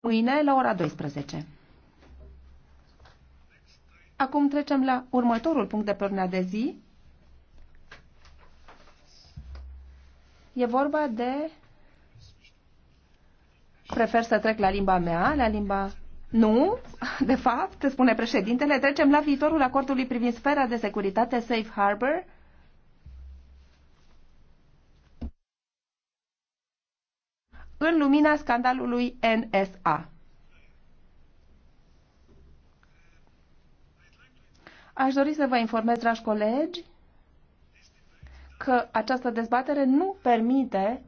mâine la ora 12. Acum trecem la următorul punct de pe de zi. E vorba de... Prefer să trec la limba mea, la limba... Nu, de fapt, spune președintele, trecem la viitorul acordului privind sfera de securitate Safe Harbor, în lumina scandalului NSA. Aș dori să vă informez, dragi colegi, că această dezbatere nu permite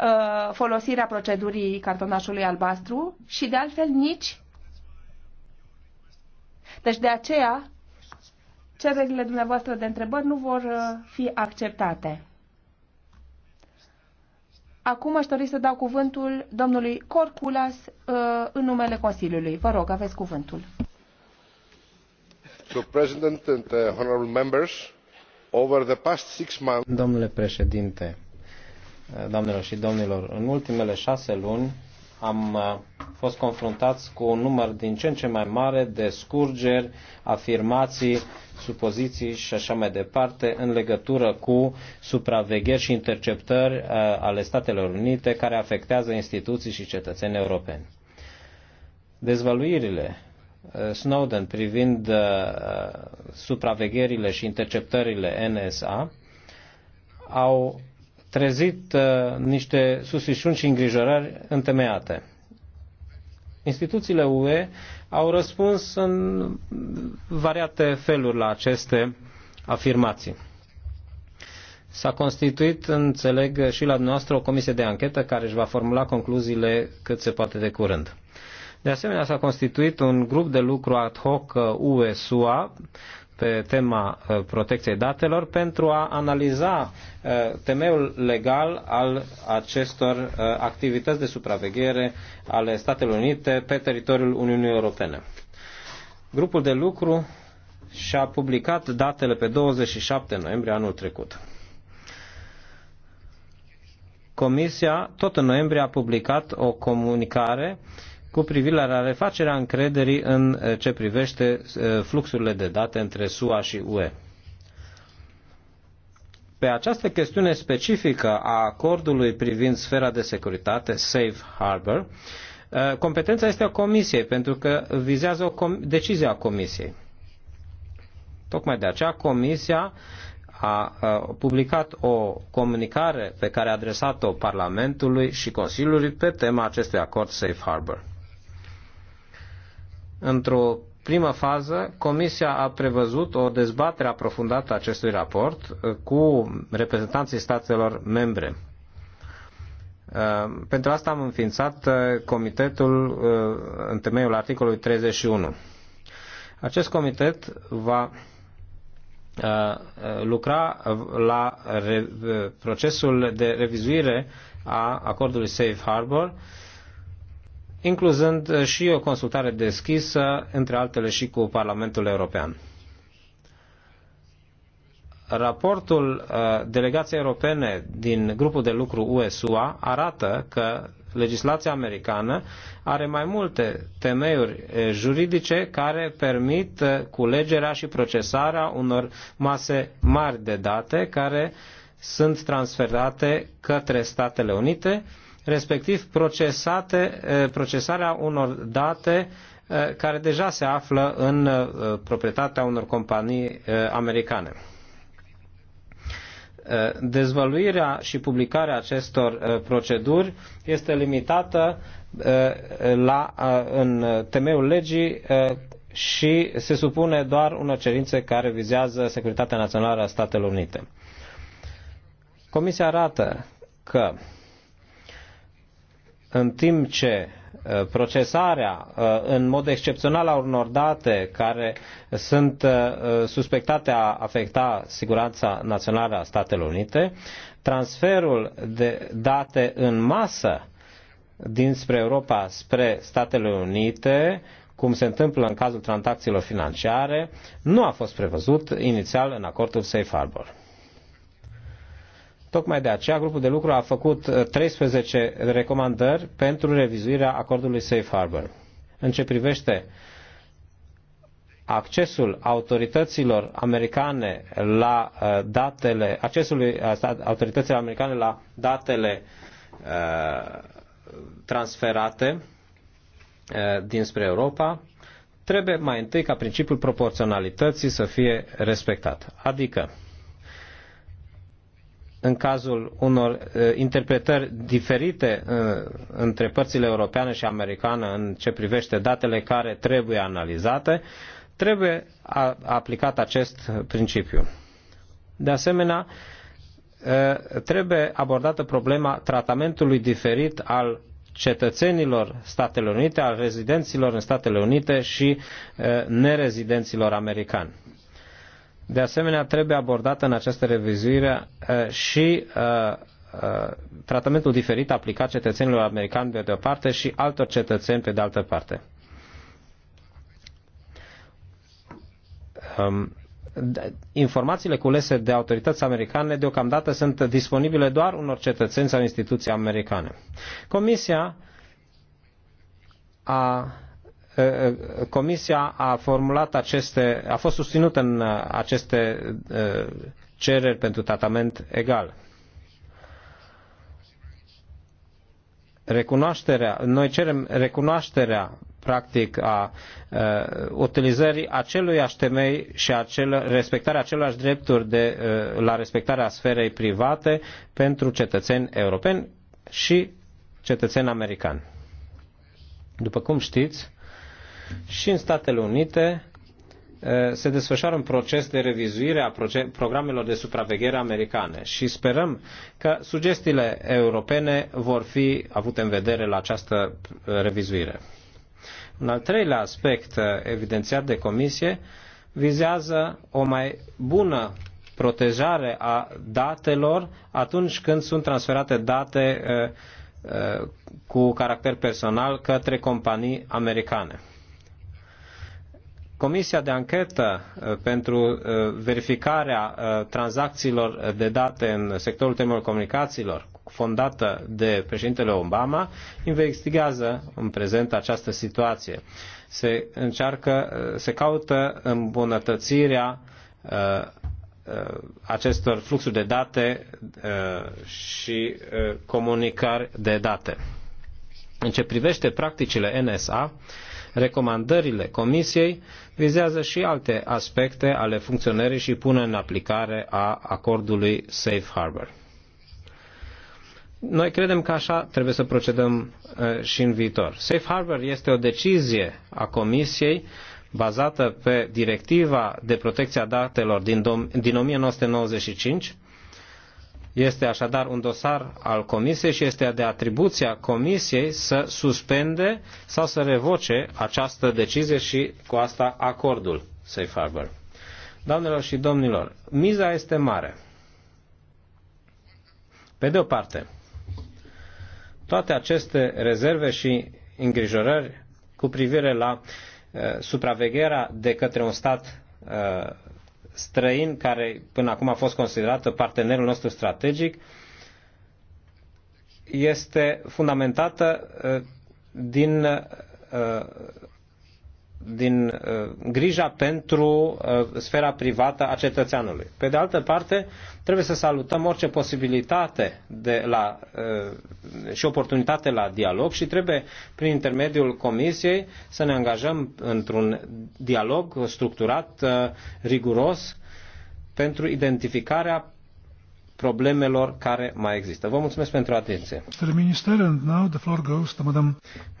uh, folosirea procedurii cartonașului albastru și de altfel nici. Deci de aceea cererile dumneavoastră de întrebări nu vor uh, fi acceptate. Acum aș dori să dau cuvântul domnului Corculas uh, în numele Consiliului. Vă rog, aveți cuvântul. Uh, Domnule președinte, uh, doamnelor și domnilor, în ultimele șase luni am fost confruntați cu un număr din ce în ce mai mare de scurgeri, afirmații, supoziții și așa mai departe în legătură cu supravegheri și interceptări uh, ale Statelor Unite care afectează instituții și cetățeni europeni. Dezvăluirile uh, Snowden privind uh, supravegherile și interceptările NSA au trezit uh, niște susișuni și îngrijorări întemeiate. Instituțiile UE au răspuns în variate feluri la aceste afirmații. S-a constituit, înțeleg, și la noastră o comisie de anchetă care își va formula concluziile cât se poate de curând. De asemenea, s-a constituit un grup de lucru ad hoc UE-SUA uh, pe tema uh, protecției datelor pentru a analiza uh, temeiul legal al acestor uh, activități de supraveghere ale Statelor Unite pe teritoriul Uniunii Europene. Grupul de lucru și-a publicat datele pe 27 noiembrie anul trecut. Comisia tot în noiembrie a publicat o comunicare uh, cu privire la refacerea încrederii în eh, ce privește eh, fluxurile de date între SUA și UE. Pe această chestiune specifică a acordului privind sfera de securitate, Safe Harbor, eh, competența este a Comisiei, pentru că vizează o com- decizie a Comisiei. Tocmai de aceea Comisia a publicat o comunicare pe care a adresat-o Parlamentului și Consiliului pe tema acestui acord Safe Harbor. Într-o primă fază, Comisia a prevăzut o dezbatere aprofundată a acestui raport uh, cu reprezentanții statelor membre. Uh, pentru asta am înființat uh, comitetul în temeiul articolului 31. Acest comitet va lucra la procesul de revizuire a acordului Safe Harbor incluzând uh, și o consultare deschisă, între altele și cu Parlamentul European. Raportul uh, delegației europene din grupul de lucru USUA arată că legislația americană are mai multe temeiuri uh, juridice care permit culegerea și procesarea unor mase mari de date care sunt transferate către Statele Unite, respectiv procesate, procesarea unor date care deja se află în proprietatea unor companii americane. Dezvăluirea și publicarea acestor proceduri este limitată la, în temeiul legii și se supune doar unor cerințe care vizează securitatea națională a Statelor Unite. Comisia arată că în timp ce uh, procesarea uh, în mod excepțional a unor date care sunt uh, suspectate a afecta siguranța națională a Statelor Unite, transferul de date în masă dinspre Europa spre Statele Unite, cum se întâmplă în cazul tranzacțiilor financiare, nu a fost prevăzut inițial în acordul Safe Harbor. Tocmai de aceea, grupul de lucru a făcut 13 uh, recomandări pentru revizuirea acordului Safe Harbor. În ce privește accesul autorităților americane la uh, datele, accesului uh, autorităților americane la datele transferate dinspre Europa, trebuie mai întâi ca principiul proporționalității să fie respectat. Adică, în cazul unor interpretări diferite între părțile europeană și americană în ce privește datele care trebuie analizate, trebuie aplicat acest principiu. De asemenea, trebuie abordată problema tratamentului diferit al cetățenilor Statelor Unite, al rezidenților în Statele Unite și nerezidenților americani. De asemenea, trebuie abordată în această revizuire uh, și uh, uh, tratamentul diferit aplicat cetățenilor americani de o parte și altor cetățeni pe de altă parte. Um, informațiile culese de autorități americane deocamdată sunt disponibile doar unor cetățeni sau instituții americane. Comisia a Comisia a formulat aceste, a fost susținută în uh, aceste uh, cereri pentru tratament egal. Recunoașterea, noi cerem recunoașterea practic a uh, utilizării aceluiași temei și acel, respectarea acelorași drepturi de, uh, la respectarea sferei private pentru cetățeni europeni și cetățeni americani. După cum știți, și în Statele Unite se desfășoară un proces de revizuire a programelor de supraveghere americane și sperăm că sugestiile europene vor fi avute în vedere la această revizuire. Un al treilea aspect evidențiat de comisie vizează o mai bună protejare a datelor atunci când sunt transferate date cu caracter personal către companii americane. Comisia de anchetă uh, pentru uh, verificarea uh, tranzacțiilor de date în sectorul telecomunicațiilor, fondată de președintele Obama, investigează în prezent această situație. Se încearcă, se caută îmbunătățirea acestor fluxuri de date și comunicări de date. În ce privește practicile NSA, Recomandările Comisiei vizează și alte aspecte ale funcționării și pune în aplicare a acordului Safe Harbor. Noi credem că așa trebuie să procedăm și în viitor. Safe Harbor este o decizie a Comisiei bazată pe directiva de protecție a datelor din, din 1995 este așadar un dosar al Comisiei și este de atribuția Comisiei să suspende sau să revoce această decizie și cu asta acordul Safe Harbor. Doamnelor și domnilor, miza este mare. Pe de o parte, toate aceste rezerve și îngrijorări cu privire la uh, supravegherea de către un stat uh, străin care până acum a fost considerată partenerul nostru strategic este fundamentată uh, din uh, din uh, grija pentru uh, sfera privată a cetățeanului. Pe de altă parte, trebuie să salutăm orice posibilitate de la, uh, și oportunitate la dialog și trebuie, prin intermediul Comisiei, să ne angajăm într-un dialog structurat, riguros, pentru identificarea problemelor care mai există. Vă mulțumesc pentru atenție.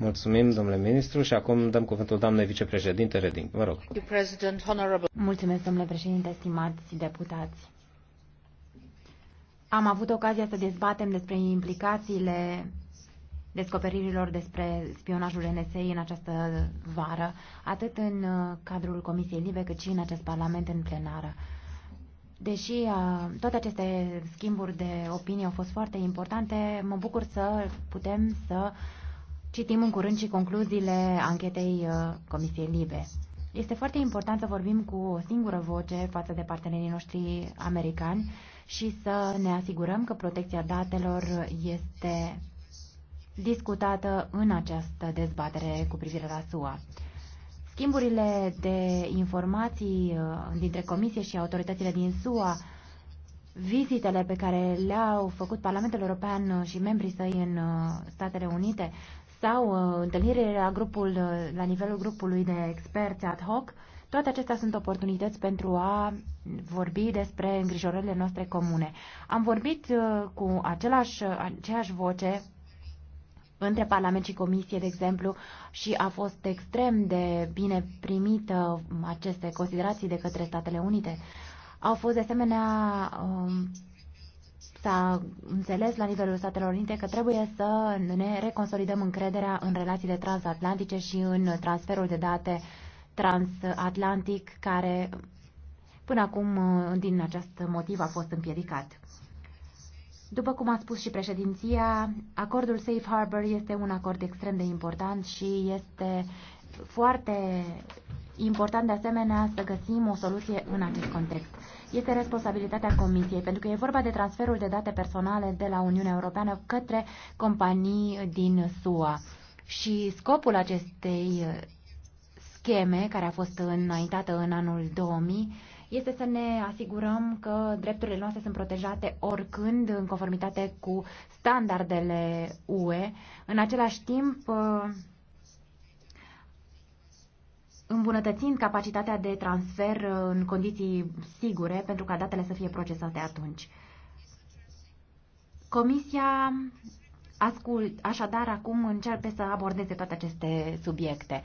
Mulțumim, domnule ministru, și acum dăm cuvântul doamnei vicepreședinte Reding. Vă rog. Mulțumesc, domnule președinte, stimați deputați. Am avut ocazia să dezbatem despre implicațiile descoperirilor despre spionajul NSA în această vară, atât în uh, cadrul Comisiei Libe, cât și în acest Parlament în plenară. Deși uh, toate aceste schimburi de opinie au fost foarte importante, mă bucur să putem să citim în curând și concluziile anchetei uh, Comisiei Libe. Este foarte important să vorbim cu o singură voce față de partenerii noștri americani și să ne asigurăm că protecția datelor este discutată în această dezbatere cu privire la SUA. Schimburile de informații uh, dintre Comisie și autoritățile din SUA, vizitele pe care le-au făcut Parlamentul European și membrii săi în uh, Statele Unite sau uh, întâlnirile la, grupul, la nivelul grupului de experți ad hoc, toate acestea sunt oportunități pentru a vorbi despre îngrijorările noastre comune. Am vorbit cu același, aceeași voce între Parlament și Comisie, de exemplu, și a fost extrem de bine primită aceste considerații de către Statele Unite. Au fost, de asemenea, um, s-a înțeles la nivelul Statelor Unite că trebuie să ne reconsolidăm încrederea în relațiile transatlantice și în transferul de date transatlantic care până acum din acest motiv a fost împiedicat. După cum a spus și președinția, acordul Safe Harbor este un acord extrem de important și este foarte important de asemenea să găsim o soluție în acest context. Este responsabilitatea Comisiei, pentru că e vorba de transferul de date personale de la Uniunea Europeană către companii din SUA. Și scopul acestei scheme, care a fost înaintată în anul 2000, este să ne asigurăm că drepturile noastre sunt protejate oricând în conformitate cu standardele UE. În același timp, uh, îmbunătățind capacitatea de transfer uh, în condiții sigure pentru ca datele să fie procesate atunci. Comisia ascult, așadar acum începe să abordeze toate aceste subiecte.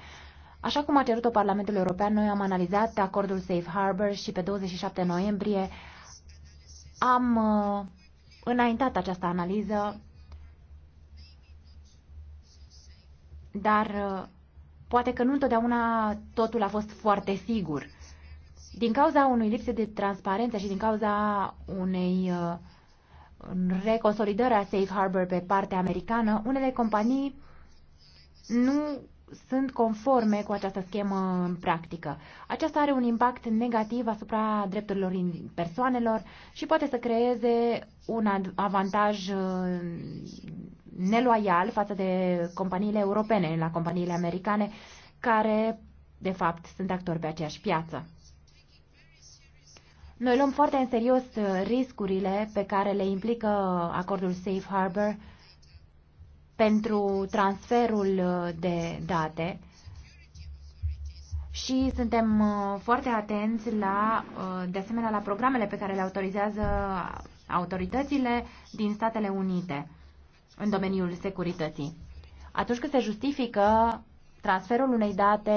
Așa cum a cerut-o Parlamentul European, noi am analizat acordul Safe Harbor și pe 27 noiembrie am uh, înaintat această analiză, dar uh, poate că nu întotdeauna totul a fost foarte sigur. Din cauza unui lipse de transparență și din cauza unei uh, reconsolidări a Safe Harbor pe partea americană, unele companii nu sunt conforme cu această schemă în practică. Aceasta are un impact negativ asupra drepturilor persoanelor și poate să creeze un avantaj uh, neloial față de companiile europene, la companiile americane, care, de fapt, sunt actori pe aceeași piață. Noi luăm foarte în serios uh, riscurile pe care le implică acordul Safe Harbor pentru transferul uh, de date și suntem uh, foarte atenți la, uh, de asemenea la programele pe care le autorizează autoritățile din Statele Unite în domeniul securității. Atunci când se justifică transferul unei date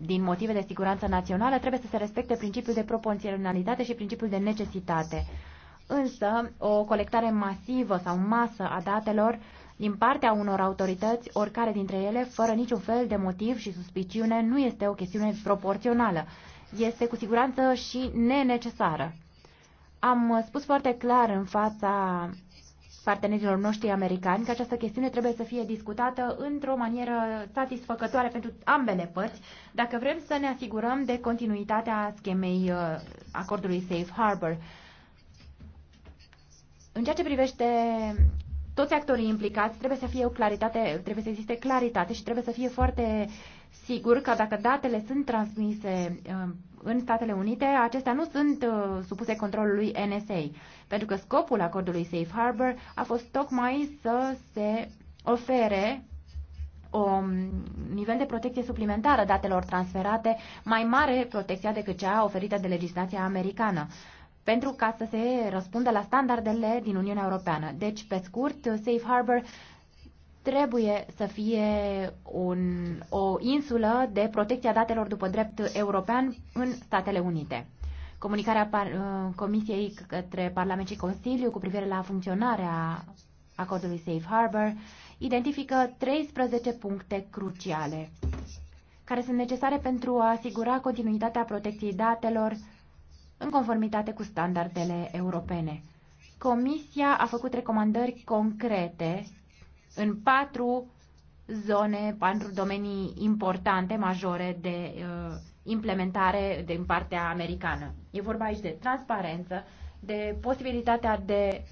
din motive de siguranță națională, trebuie să se respecte principiul de proporționalitate și principiul de necesitate. Însă, o colectare masivă sau masă a datelor din partea unor autorități, oricare dintre ele, fără niciun fel de motiv și suspiciune, nu este o chestiune proporțională. Este cu siguranță și nenecesară. Am spus foarte clar în fața partenerilor noștri americani că această chestiune trebuie să fie discutată într-o manieră satisfăcătoare pentru ambele părți, dacă vrem să ne asigurăm de continuitatea schemei uh, acordului Safe Harbor. În ceea ce privește toți actorii implicați trebuie să fie o claritate, trebuie să existe claritate și trebuie să fie foarte sigur că dacă datele sunt transmise uh, în Statele Unite, acestea nu sunt uh, supuse controlului NSA, pentru că scopul acordului Safe Harbor a fost tocmai să se ofere un um, nivel de protecție suplimentară datelor transferate, mai mare protecția decât cea oferită de legislația americană pentru ca să se răspundă la standardele din Uniunea Europeană. Deci, pe scurt, Safe Harbor trebuie să fie un, o insulă de protecția datelor după drept european în Statele Unite. Comunicarea par, uh, Comisiei către Parlament și Consiliu cu privire la funcționarea acordului Safe Harbor identifică 13 puncte cruciale care sunt necesare pentru a asigura continuitatea protecției datelor în conformitate cu standardele europene. Comisia a făcut recomandări concrete în patru zone, patru domenii importante, majore de uh, implementare din partea americană. E vorba aici de transparență, de posibilitatea de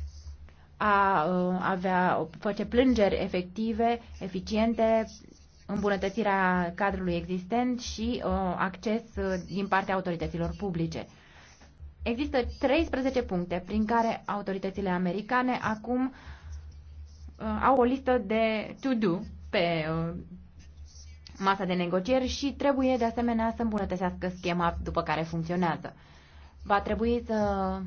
a uh, avea, face plângeri efective, eficiente, îmbunătățirea cadrului existent și uh, acces uh, din partea autorităților publice. Există 13 puncte prin care autoritățile americane acum uh, au o listă de to-do pe uh, masa de negocieri și trebuie de asemenea să îmbunătățească schema după care funcționează. Va trebui să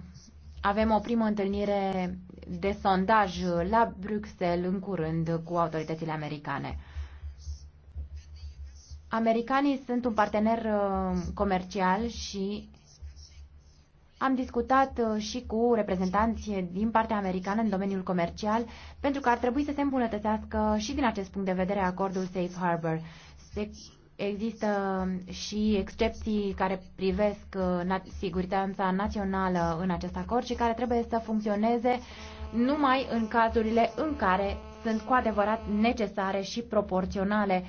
avem o primă întâlnire de sondaj la Bruxelles în curând cu autoritățile americane. Americanii sunt un partener uh, comercial și am discutat uh, și cu reprezentanții din partea americană în domeniul comercial, pentru că ar trebui să se îmbunătățească și din acest punct de vedere acordul Safe Harbor. Se există și excepții care privesc uh, na- siguranța națională în acest acord și care trebuie să funcționeze numai în cazurile în care sunt cu adevărat necesare și proporționale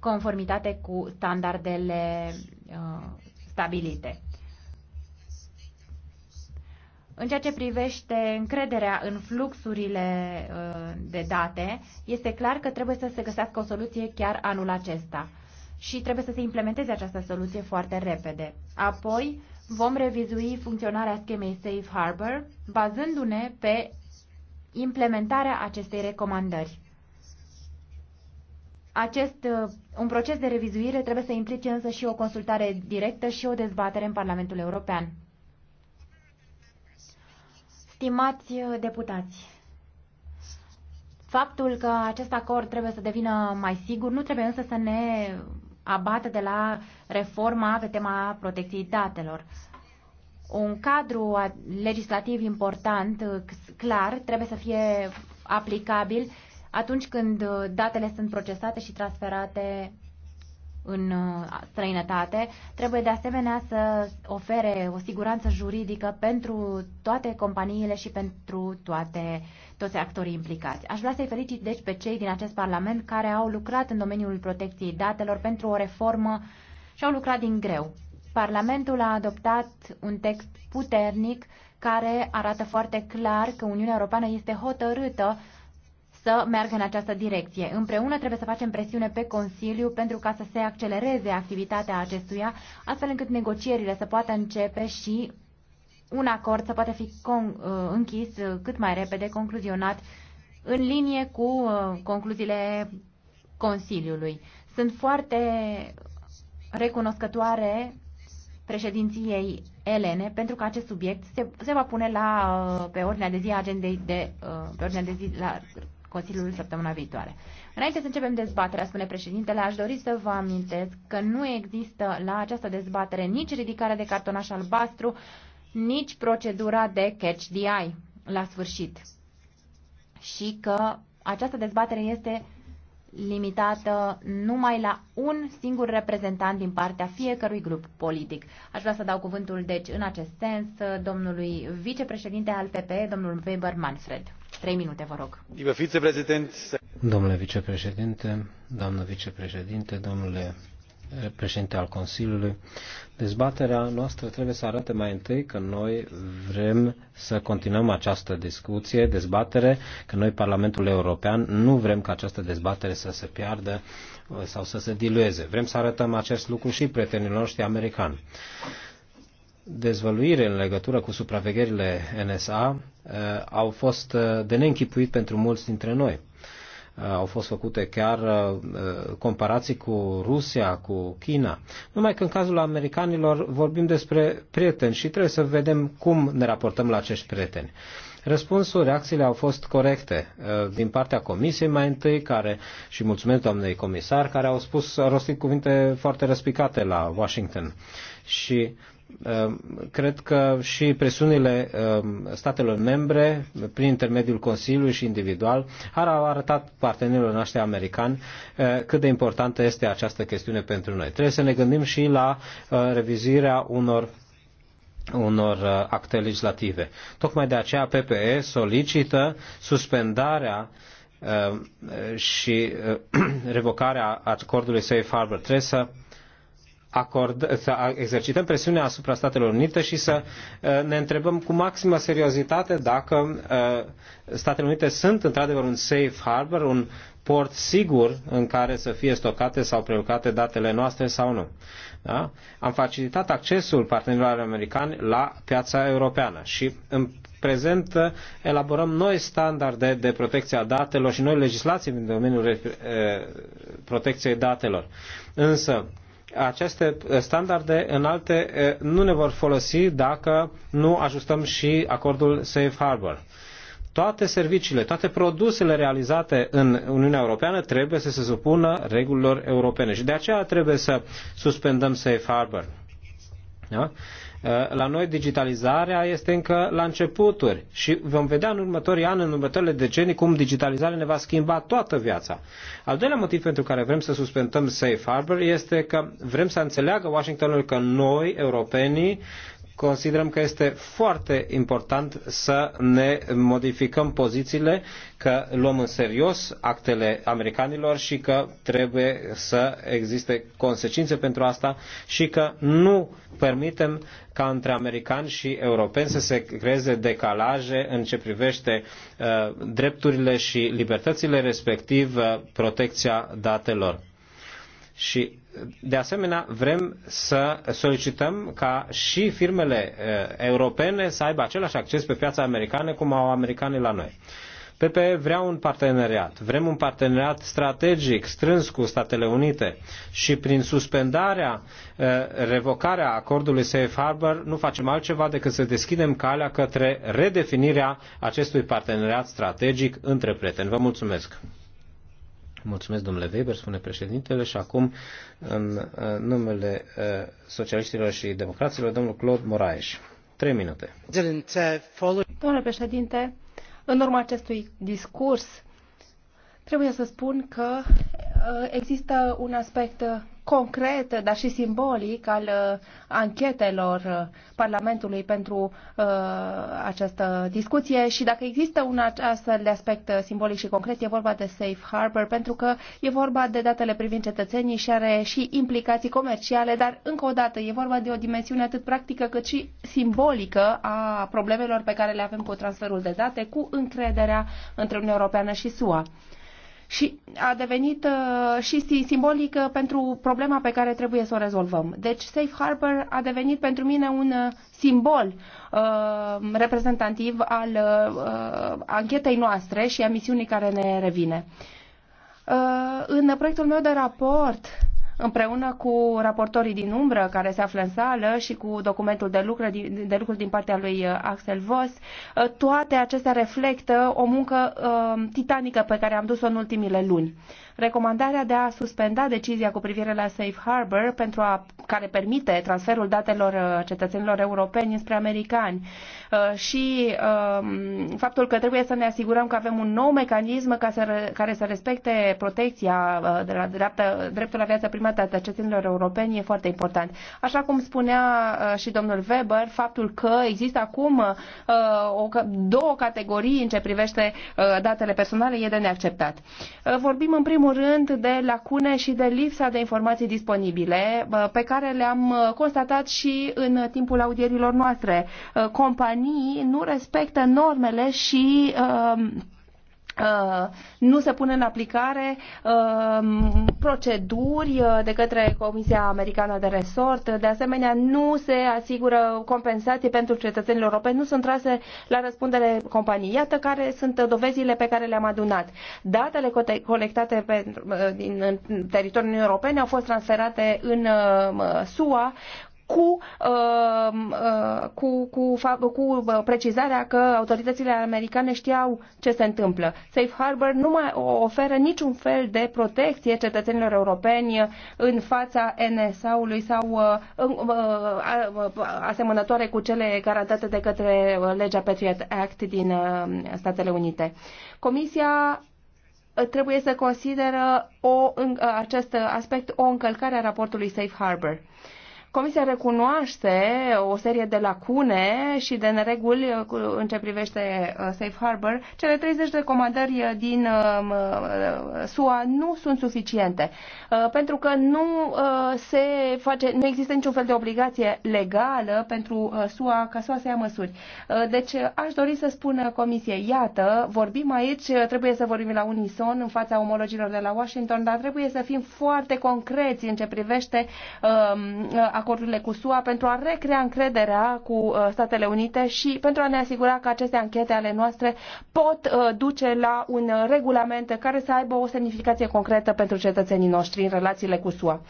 conformitate cu standardele uh, stabilite. În ceea ce privește încrederea în fluxurile uh, de date, este clar că trebuie să se găsească o soluție chiar anul acesta și trebuie să se implementeze această soluție foarte repede. Apoi vom revizui funcționarea schemei Safe Harbor, bazându-ne pe implementarea acestei recomandări. Acest, uh, un proces de revizuire trebuie să implice însă și o consultare directă și o dezbatere în Parlamentul European. Stimați uh, deputați, faptul că acest acord trebuie să devină mai sigur nu trebuie însă să ne abată de la reforma pe tema protecției datelor. Un cadru legislativ important, uh, clar, trebuie să fie aplicabil atunci când uh, datele sunt procesate și transferate în uh, străinătate, trebuie de asemenea să ofere o siguranță juridică pentru toate companiile și pentru toate, toți actorii implicați. Aș vrea să-i felicit deci pe cei din acest Parlament care au lucrat în domeniul protecției datelor pentru o reformă și au lucrat din greu. Parlamentul a adoptat un text puternic care arată foarte clar că Uniunea Europeană este hotărâtă să meargă în această direcție. Împreună trebuie să facem presiune pe Consiliu pentru ca să se accelereze activitatea acestuia, astfel încât negocierile să poată începe și un acord să poată fi uh, închis cât mai repede, concluzionat, în linie cu uh, concluziile Consiliului. Sunt foarte recunoscătoare președinției Elene pentru că acest subiect se, se va pune la, uh, pe ordinea de zi a agendei de, pe ordinea de zi la Consiliul săptămâna viitoare. Înainte să începem dezbaterea, spune președintele, aș dori să vă amintesc că nu există la această dezbatere nici ridicarea de cartonaș albastru, nici procedura de catch the eye la sfârșit. Și că această dezbatere este limitată numai la un singur reprezentant din partea fiecărui grup politic. Aș vrea să dau cuvântul, deci, în acest sens, domnului vicepreședinte al PPE, domnul Weber Manfred. Trei minute, vă rog. Domnule vicepreședinte, doamnă vicepreședinte, domnule președinte al Consiliului, dezbaterea noastră trebuie să arate mai întâi că noi vrem să continuăm această discuție, dezbatere, că noi, Parlamentul European, nu vrem ca această dezbatere să se piardă uh, sau să se dilueze. Vrem să arătăm acest lucru și prietenilor noștri americani dezvăluire în legătură cu supravegherile NSA uh, au fost uh, de neînchipuit pentru mulți dintre noi. Uh, au fost făcute chiar comparații cu Rusia, cu China. Numai că în cazul americanilor vorbim despre prieteni și trebuie să vedem cum ne raportăm la acești prieteni. Răspunsul, reacțiile au fost corecte din partea comisiei mai întâi, care, și mulțumesc doamnei comisar, care au spus, rostit cuvinte foarte răspicate la Washington. Și Um, cred că și presiunile um, statelor membre, prin intermediul Consiliului și individual, au arătat partenerilor noștri americani uh, cât de importantă este această chestiune pentru noi. Trebuie să ne gândim și la uh, revizirea unor unor uh, acte legislative. Tocmai de aceea PPE solicită suspendarea și revocarea acordului Safe Harbor. Trebuie să acord, să exercităm presiunea asupra Statelor Unite și să uh, ne întrebăm cu maximă seriozitate dacă uh, Statele Unite sunt într-adevăr un safe harbor, un port sigur în care să fie stocate sau prelucrate datele noastre sau nu. Da? Am facilitat accesul partenerilor americani la piața europeană și în prezent uh, elaborăm noi standarde de protecție a datelor și noi legislații din domeniul protecției datelor. Însă, aceste eh, standarde înalte eh, nu ne vor folosi dacă nu ajustăm și acordul Safe Harbor. Toate serviciile, toate produsele realizate în Uniunea Europeană trebuie să se supună regulilor europene și de aceea trebuie să suspendăm Safe Harbor. Da? Eh, la noi digitalizarea este încă la începuturi și vom vedea în următorii ani, în următoarele decenii, cum digitalizarea ne va schimba toată viața. Al doilea motiv pentru care vrem să suspendăm Safe Harbor este că vrem să înțeleagă Washingtonul că noi, europenii, considerăm că este foarte important să ne modificăm pozițiile, că luăm în serios actele americanilor și că trebuie să existe consecințe pentru asta și că nu permitem ca între americani și europeni să se creeze decalaje în ce privește uh, drepturile și libertățile, respectiv uh, protecția datelor. Și de asemenea, vrem să solicităm ca și firmele eh, europene să aibă același acces pe piața americană cum au americanii la noi. PPE vrea un parteneriat. Vrem un parteneriat strategic, strâns cu Statele Unite și prin suspendarea, eh, revocarea acordului Safe Harbor nu facem altceva decât să deschidem calea către redefinirea acestui parteneriat strategic între prieteni. Vă mulțumesc! Mulțumesc, domnule Weber, spune președintele, și acum, în numele uh, socialiștilor și democraților, domnul Claude Moraes. Trei minute. Domnule președinte, în urma acestui discurs, trebuie să spun că Uh, există un aspect uh, concret, dar și simbolic al uh, anchetelor Parlamentului pentru această discuție și dacă există un astfel de aspect simbolic și concret, e vorba de safe harbor, pentru că e vorba de datele privind cetățenii și are și implicații comerciale, dar încă o dată e vorba de o dimensiune atât practică cât și simbolică a problemelor pe care le avem cu transferul de date, cu încrederea între Uniunea Europeană și SUA și a devenit uh, și simbolică uh, pentru problema pe care trebuie să o rezolvăm. Deci Safe Harbor a devenit pentru mine un uh, simbol uh, reprezentativ al uh, uh anchetei noastre și a misiunii care ne revine. Uh, în proiectul meu de raport uh, împreună cu raportorii din umbră care se află în sală și cu documentul de lucru, de lucru din partea lui uh, Axel Voss. Uh, toate acestea reflectă o muncă uh, titanică pe care am dus-o în ultimile luni. Recomandarea de a suspenda decizia cu privire la Safe Harbor pentru a, care permite transferul datelor uh, cetățenilor europeni spre americani uh, și um, faptul că trebuie să ne asigurăm că avem un nou mecanism ca să, care să respecte protecția uh, de la dreaptă, dreptul la viață privată a cetățenilor europeni e foarte important. Așa cum spunea și domnul Weber, faptul că există acum două categorii în ce privește datele personale e de neacceptat. Vorbim în primul primul rând, de lacune și de lipsa de informații disponibile pe care le-am uh, constatat și în timpul audierilor noastre. Uh, companii nu respectă normele și uh, Uh, nu se pune în aplicare uh, proceduri uh, de către Comisia Americană de Resort, de asemenea nu se asigură compensații pentru cetățenii europeni, nu sunt trase la răspundere companii. Iată care sunt dovezile pe care le-am adunat. Datele colectate pe, din teritoriul Uniunii Europene au fost transferate în SUA Uh, uh, cu, cu, cu, cu uh, precizarea că autoritățile americane știau ce se întâmplă. Safe Harbor nu mai oferă niciun fel de protecție cetățenilor europeni în fața NSA-ului sau asemănătoare cu cele garantate de către legea Patriot Act din Statele Unite. Comisia trebuie să consideră o, acest aspect o încălcare a raportului Safe Harbor. Uh, Comisia recunoaște o serie de lacune și de nereguli în ce privește uh, Safe Harbor. Cele 30 de comandări uh, din uh, SUA nu sunt suficiente pentru că nu se face, nu există niciun fel de obligație legală pentru SUA ca SUA să ia măsuri. Deci aș dori să spun Comisiei, iată, vorbim aici, trebuie să vorbim la unison în fața omologilor de la Washington, dar trebuie să fim foarte concreți în ce privește um, acordurile cu SUA pentru a recrea încrederea cu uh, Statele Unite și pentru a ne asigura că aceste anchete ale noastre pot uh, duce la un uh, regulament care să aibă o semnificație concretă pentru cetățenii noștri în relațiile cu SUA.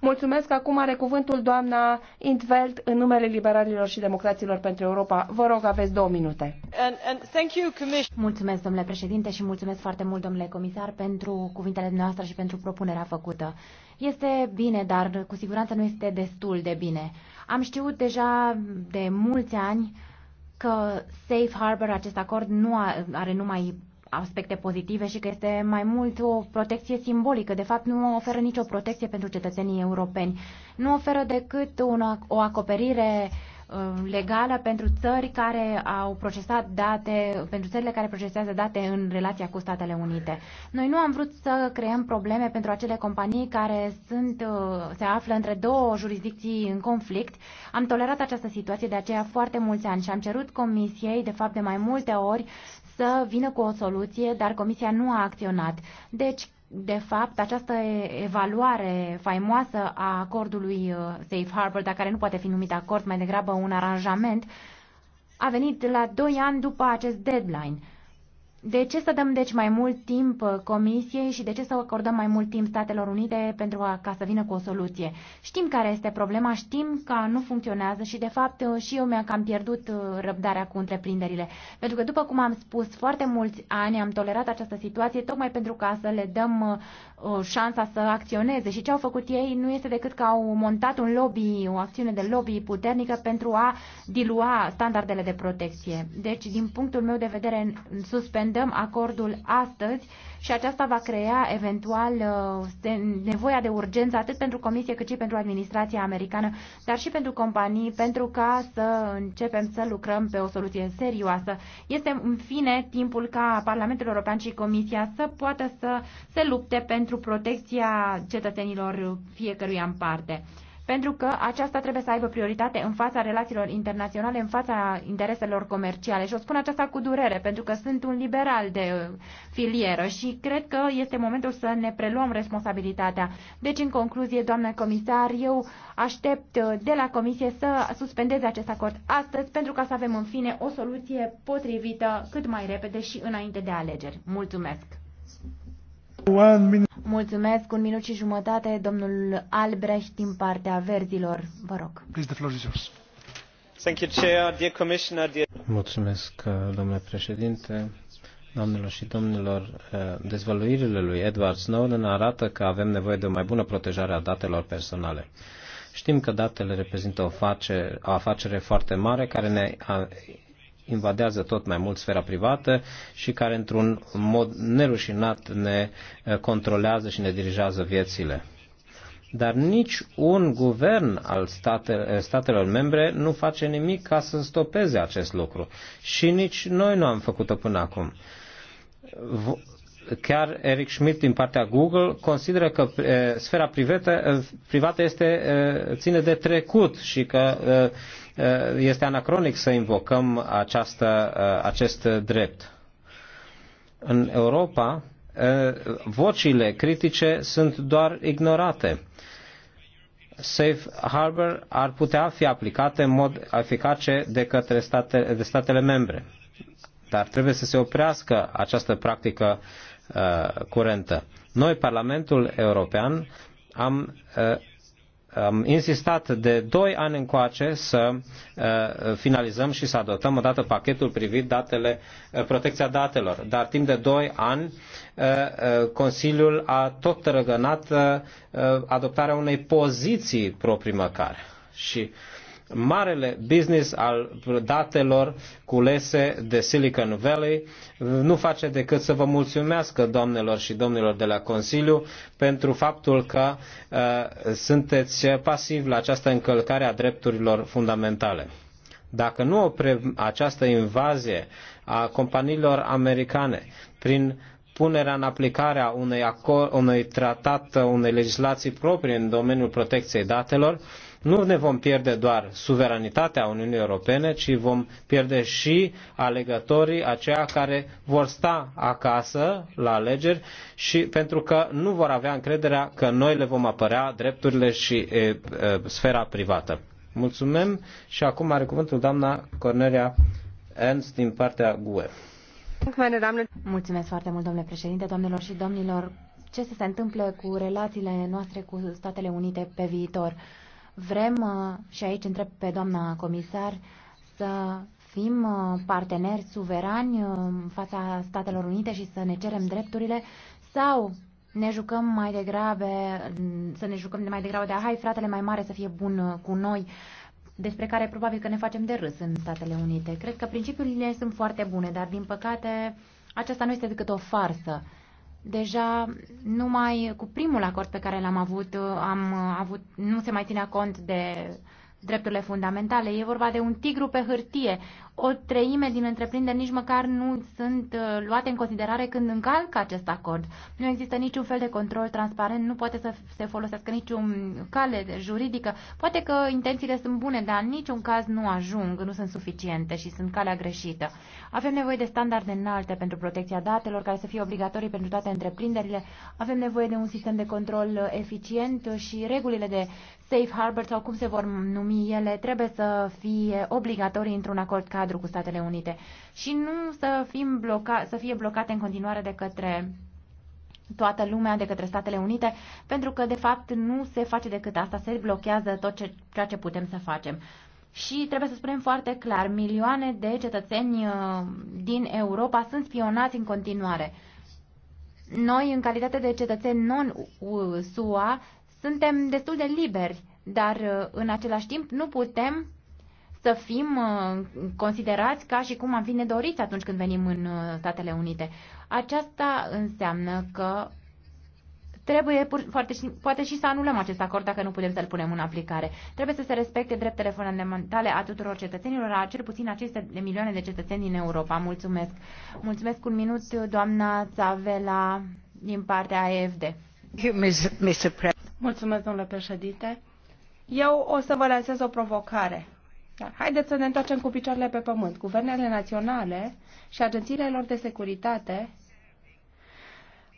Mulțumesc. Acum are cuvântul doamna Intveld în numele liberalilor și democraților pentru Europa. Vă rog, aveți două minute. And, and thank you, mulțumesc, domnule președinte, și mulțumesc foarte mult, domnule comisar, pentru cuvintele dumneavoastră și pentru propunerea făcută. Este bine, dar cu siguranță nu este destul de bine. Am știut deja de mulți ani că Safe Harbor, acest acord, nu are numai aspecte pozitive și că este mai mult o protecție simbolică. De fapt, nu oferă nicio protecție pentru cetățenii europeni. Nu oferă decât una, o acoperire uh, legală pentru țări care au procesat date, pentru țările care procesează date în relația cu Statele Unite. Noi nu am vrut să creăm probleme pentru acele companii care sunt, uh, se află între două jurisdicții în conflict. Am tolerat această situație de aceea foarte mulți ani și am cerut Comisiei, de fapt de mai multe ori, să vină cu o soluție, dar Comisia nu a acționat. Deci, de fapt, această evaluare faimoasă a acordului uh, Safe Harbor, dar care nu poate fi numit acord, mai degrabă un aranjament, a venit la doi ani după acest deadline. De ce să dăm deci mai mult timp uh, Comisiei și de ce să acordăm mai mult timp Statelor Unite pentru a, ca să vină cu o soluție? Știm care este problema, știm că nu funcționează și de fapt uh, și eu mi-am cam pierdut uh, răbdarea cu întreprinderile. Pentru că după cum am spus, foarte mulți ani am tolerat această situație tocmai pentru ca să le dăm șansa să acționeze și ce au făcut ei nu este decât că au montat un lobby, o acțiune de lobby puternică pentru a dilua standardele de protecție. Deci, din punctul meu de vedere, suspend suspendăm acordul astăzi și aceasta va crea eventual uh, nevoia de urgență atât pentru Comisie cât și pentru administrația americană, dar și pentru companii, pentru ca să începem să lucrăm pe o soluție serioasă. Este în fine timpul ca Parlamentul European și Comisia să poată să se lupte pentru protecția cetățenilor fiecăruia în parte pentru că aceasta trebuie să aibă prioritate în fața relațiilor internaționale, în fața intereselor comerciale. Și o spun aceasta cu durere, pentru că sunt un liberal de uh, filieră și cred că este momentul să ne preluăm responsabilitatea. Deci, în concluzie, doamnă comisar, eu aștept uh, de la comisie să suspendeze acest acord astăzi, pentru ca să avem în fine o soluție potrivită cât mai repede și înainte de alegeri. Mulțumesc! Mulțumesc. Un minut și jumătate, domnul Albrecht, din partea verzilor. Vă rog. Please, the floor is yours. Thank you, Chair, dear Commissioner, dear... Mulțumesc, uh, domnule președinte. Doamnelor și domnilor, uh, dezvăluirile lui Edward Snowden arată că avem nevoie de o mai bună protejare a datelor personale. Știm că datele reprezintă o, face, o afacere foarte mare care ne invadează tot mai mult sfera privată și care într-un mod nerușinat ne eh, controlează și ne dirigează viețile. Dar nici un guvern al state, eh, statelor membre nu face nimic ca să stopeze acest lucru. Și nici noi nu am făcut-o până acum. V- chiar Eric Schmidt din partea Google consideră că e, eh, sfera privată, privată este, e, ține de trecut și că e, Eh, este anacronic să invocăm această, eh, acest drept. În Europa, eh, vocile critice sunt doar ignorate. Safe Harbor ar putea fi aplicate în mod eficace de către state, de statele membre. Dar trebuie să se oprească această practică uh, curentă. Noi, Parlamentul European, am uh, am insistat de doi ani încoace să uh, finalizăm și să adoptăm odată pachetul privind datele, uh, protecția datelor. Dar timp de doi ani uh, Consiliul a tot răgănat adoptarea unei poziții proprii măcar. Și uh, marele business al datelor culese de Silicon Valley nu face decât să vă mulțumească, doamnelor și domnilor de la Consiliu, pentru faptul că uh, sunteți pasivi la această încălcare a drepturilor fundamentale. Dacă nu oprim această invazie a companiilor americane prin punerea în aplicare a unui, acord, unui tratat, unei legislații proprii în domeniul protecției datelor, uh, nu ne vom pierde doar suveranitatea Uniunii Europene, ci vom pierde și alegătorii aceia care vor sta acasă la alegeri și pentru că nu vor avea încrederea că noi le vom apărea drepturile și e, e, sfera privată. Mulțumim și acum are cuvântul doamna Cornelia Ernst din partea GUE. Mulțumesc foarte mult, domnule președinte, doamnelor și domnilor. Ce se întâmplă cu relațiile noastre cu Statele Unite pe viitor? Vrem, uh, și aici întreb pe doamna comisar, să fim uh, parteneri suverani uh, în fața Statelor Unite și să ne cerem drepturile sau ne jucăm mai degrabă, să ne jucăm mai degrabă de hai fratele mai mare să fie bun cu noi, despre care probabil că ne facem de râs în Statele Unite. Cred că principiile sunt foarte bune, dar din păcate aceasta nu este decât o farsă deja numai cu primul acord pe care l-am avut, uh, am uh, avut, nu se mai ținea cont de drepturile fundamentale. E vorba de un tigru pe hârtie, o treime din întreprinderi nici măcar nu sunt uh, luate în considerare când încalcă acest acord. Nu există niciun fel de control transparent, nu poate să se folosească niciun cale juridică. Poate că intențiile sunt bune, dar în niciun caz nu ajung, nu sunt suficiente și sunt calea greșită. Avem nevoie de standarde înalte pentru protecția datelor, care să fie obligatorii pentru toate întreprinderile. Avem nevoie de un sistem de control uh, eficient și regulile de safe harbor sau cum se vor numi ele trebuie să fie obligatorii într-un acord cadru cadru cu Statele Unite și nu să, fim bloca, să fie blocate în continuare de către toată lumea, de către Statele Unite, pentru că, de fapt, nu se face decât asta, se blochează tot ce, ceea ce putem să facem. Și trebuie să spunem foarte clar, milioane de cetățeni uh, din Europa sunt spionați în continuare. Noi, în calitate de cetățeni non-SUA, suntem destul de liberi, dar uh, în același timp nu putem să fim uh, considerați ca și cum am fi nedoriți atunci când venim în uh, Statele Unite. Aceasta înseamnă că trebuie pur, și, poate și să anulăm acest acord dacă nu putem să-l punem în aplicare. Trebuie să se respecte dreptele fundamentale a tuturor cetățenilor, a cel puțin aceste de milioane de cetățeni din Europa. Mulțumesc. Mulțumesc un minut, doamna Țavela, din partea AFD. Mulțumesc, domnule președinte. Eu o să vă lansez o provocare. Dar Haideți să ne întoarcem cu picioarele pe pământ. Guvernele naționale și agențiile lor de securitate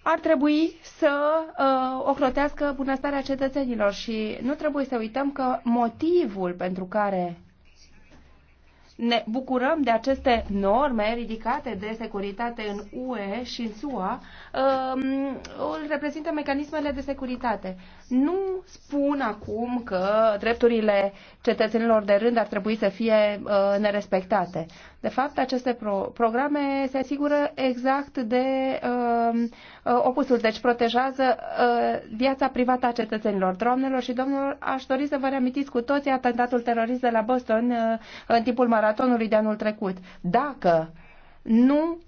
ar trebui să uh, ocrotească bunăstarea cetățenilor și nu trebuie să uităm că motivul pentru care ne bucurăm de aceste norme ridicate de securitate în UE și în SUA, um, îl reprezintă mecanismele de securitate. Nu spun acum că drepturile cetățenilor de rând ar trebui să fie uh, nerespectate. De fapt, aceste pro- programe se asigură exact de uh, uh, opusul, deci protejează uh, viața privată a cetățenilor. Doamnelor și domnilor, aș dori să vă reamintiți cu toții atentatul terorist de la Boston uh, în timpul maratonului de anul trecut. Dacă nu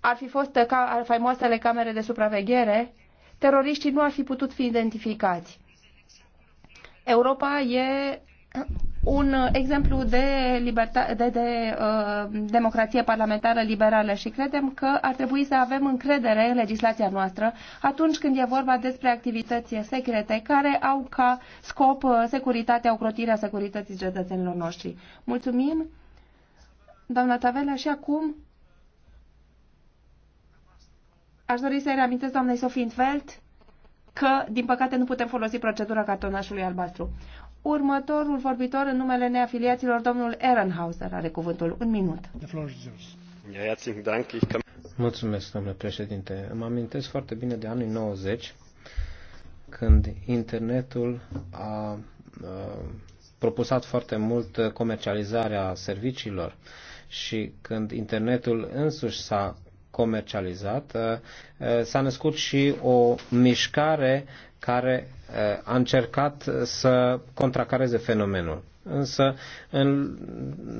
ar fi fost ca faimoasele camere de supraveghere, teroriștii nu ar fi putut fi identificați. Europa e un exemplu de, liberta- de, de uh, democrație parlamentară liberală și credem că ar trebui să avem încredere în legislația noastră atunci când e vorba despre activități secrete care au ca scop uh, securitatea, ocrotirea securității cetățenilor noștri. Mulțumim, doamna Tavela, și acum Aș dori să-i reamintesc doamnei Sofie Feld că, din păcate, nu putem folosi procedura cartonașului albastru. Următorul vorbitor în numele neafiliaților, domnul Ehrenhauser, are cuvântul. Un minut. Mulțumesc, domnule președinte. Îmi amintesc foarte bine de anii 90, când internetul a, a propusat foarte mult comercializarea serviciilor și când internetul însuși s-a comercializat, eh, s-a născut și o mișcare care eh, a încercat să contracareze fenomenul. Însă, în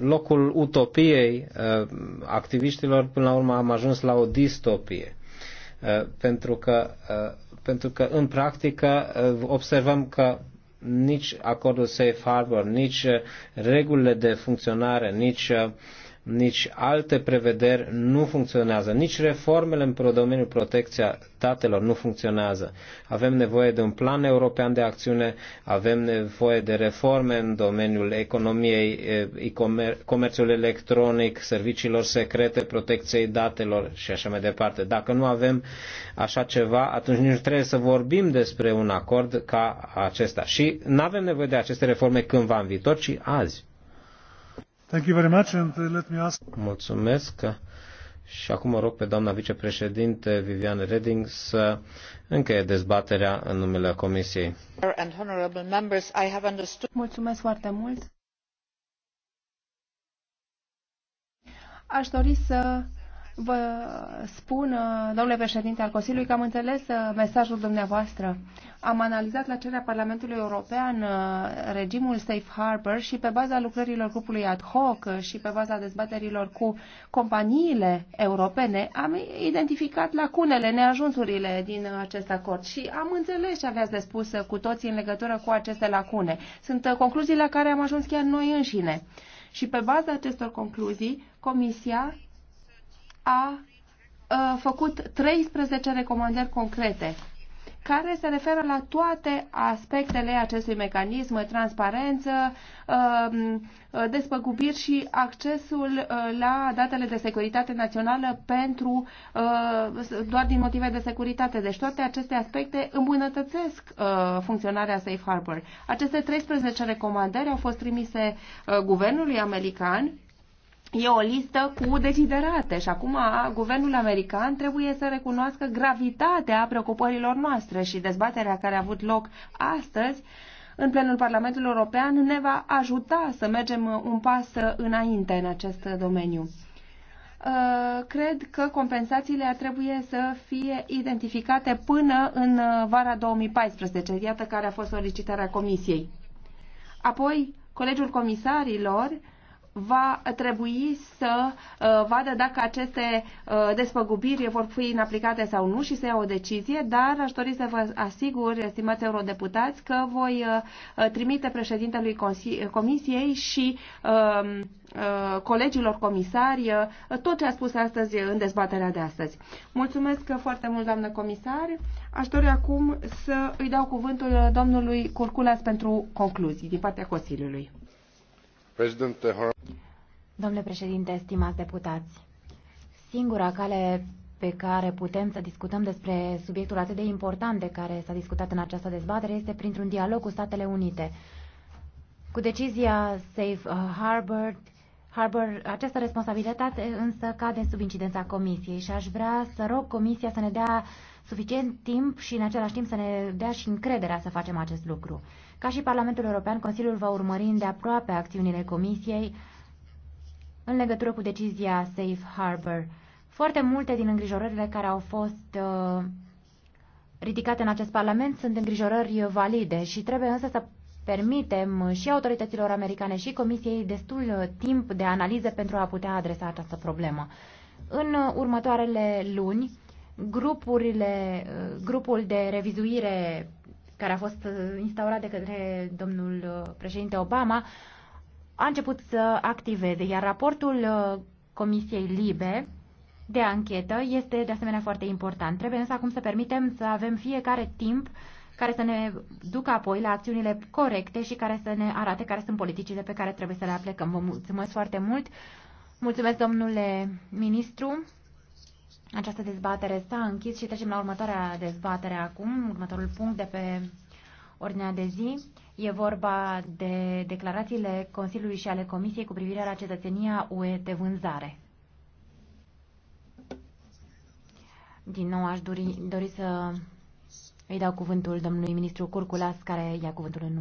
locul utopiei eh, activiștilor, până la urmă am ajuns la o distopie. Pentru că, pentru că în practică, observăm că nici acordul Safe Harbor, nici regulile de funcționare, nici uh, nici alte prevederi nu funcționează, nici reformele în domeniul protecția datelor nu funcționează. Avem nevoie de un plan european de acțiune, avem nevoie de reforme în domeniul economiei, comerțul electronic, serviciilor secrete, protecției datelor și așa mai departe. Dacă nu avem așa ceva, atunci nici trebuie să vorbim despre un acord ca acesta. Și nu avem nevoie de aceste reforme cândva în viitor, ci azi. Thank you very much and uh, let me ask... Mulțumesc. Și acum mă rog pe doamna vicepreședinte Viviane Reding să încheie dezbaterea în numele Comisiei. Mulțumesc foarte mult. Aș dori să Vă spun, uh, domnule președinte al Consiliului, că am înțeles uh, mesajul dumneavoastră. Am analizat la cererea Parlamentului European uh, regimul Safe Harbor și pe baza lucrărilor grupului ad hoc și pe baza dezbaterilor cu companiile europene am identificat lacunele, neajunsurile din acest acord și am înțeles ce aveați de spus cu toții în legătură cu aceste lacune. Sunt concluziile la care am ajuns chiar noi înșine. Și pe baza acestor concluzii, Comisia a făcut 13 recomandări concrete care se referă la toate aspectele acestui mecanism, transparență, um, despăgubiri și accesul uh, la datele de securitate națională pentru uh, doar din motive de securitate. Deci toate aceste aspecte îmbunătățesc uh, funcționarea Safe Harbor. Aceste 13 recomandări au fost trimise guvernului american E o listă cu deciderate și acum guvernul american trebuie să recunoască gravitatea preocupărilor noastre și dezbaterea care a avut loc astăzi în plenul Parlamentului European ne va ajuta să mergem uh, un pas uh, înainte în acest uh, domeniu. Cred că compensațiile ar trebui să fie identificate până în vara 2014, iată care a fost solicitarea Comisiei. Apoi, Colegiul Comisarilor va trebui să uh, vadă dacă aceste uh, despăgubiri vor fi aplicate sau nu și să ia o decizie, dar aș dori să vă asigur, estimați eurodeputați, că voi uh, trimite președintelui Comisiei și um, colegilor comisari tot ce a spus astăzi în dezbaterea de astăzi. Mulțumesc foarte mult, doamnă comisar. Aș dori acum să îi dau cuvântul domnului Curculas pentru concluzii din partea Consiliului. Domnule președinte, stimați deputați, singura cale pe care putem să discutăm despre subiectul atât de important de care s-a discutat în această dezbatere este printr-un dialog cu Statele Unite. Cu decizia Safe uh, Harbor, Harbor, această responsabilitate însă cade sub incidența Comisiei și aș vrea să rog Comisia să ne dea suficient timp și în același timp să ne dea și încrederea să facem acest lucru. Ca și Parlamentul European, Consiliul va urmări îndeaproape acțiunile Comisiei în legătură cu decizia Safe Harbor. Foarte multe din îngrijorările care au fost uh, ridicate în acest Parlament sunt îngrijorări valide și trebuie însă să permitem și autorităților americane și Comisiei destul timp de analiză pentru a putea adresa această problemă. În uh, următoarele luni, grupurile, uh, grupul de revizuire care a fost uh, instaurat de către domnul uh, președinte Obama, a început să activeze, iar raportul uh, Comisiei Libe de anchetă este de asemenea foarte important. Trebuie însă acum să permitem să avem fiecare timp care să ne ducă apoi la acțiunile corecte și care să ne arate care sunt politicile pe care trebuie să le aplicăm. Vă mulțumesc foarte mult. Mulțumesc, domnule ministru. Această dezbatere s-a închis și trecem la următoarea dezbatere acum, următorul punct de pe ordinea de zi. E vorba de declarațiile Consiliului și ale Comisiei cu privire la cetățenia UE de vânzare. Din nou aș dori, dori să îi dau cuvântul domnului ministru Curculas, care ia cuvântul în numele.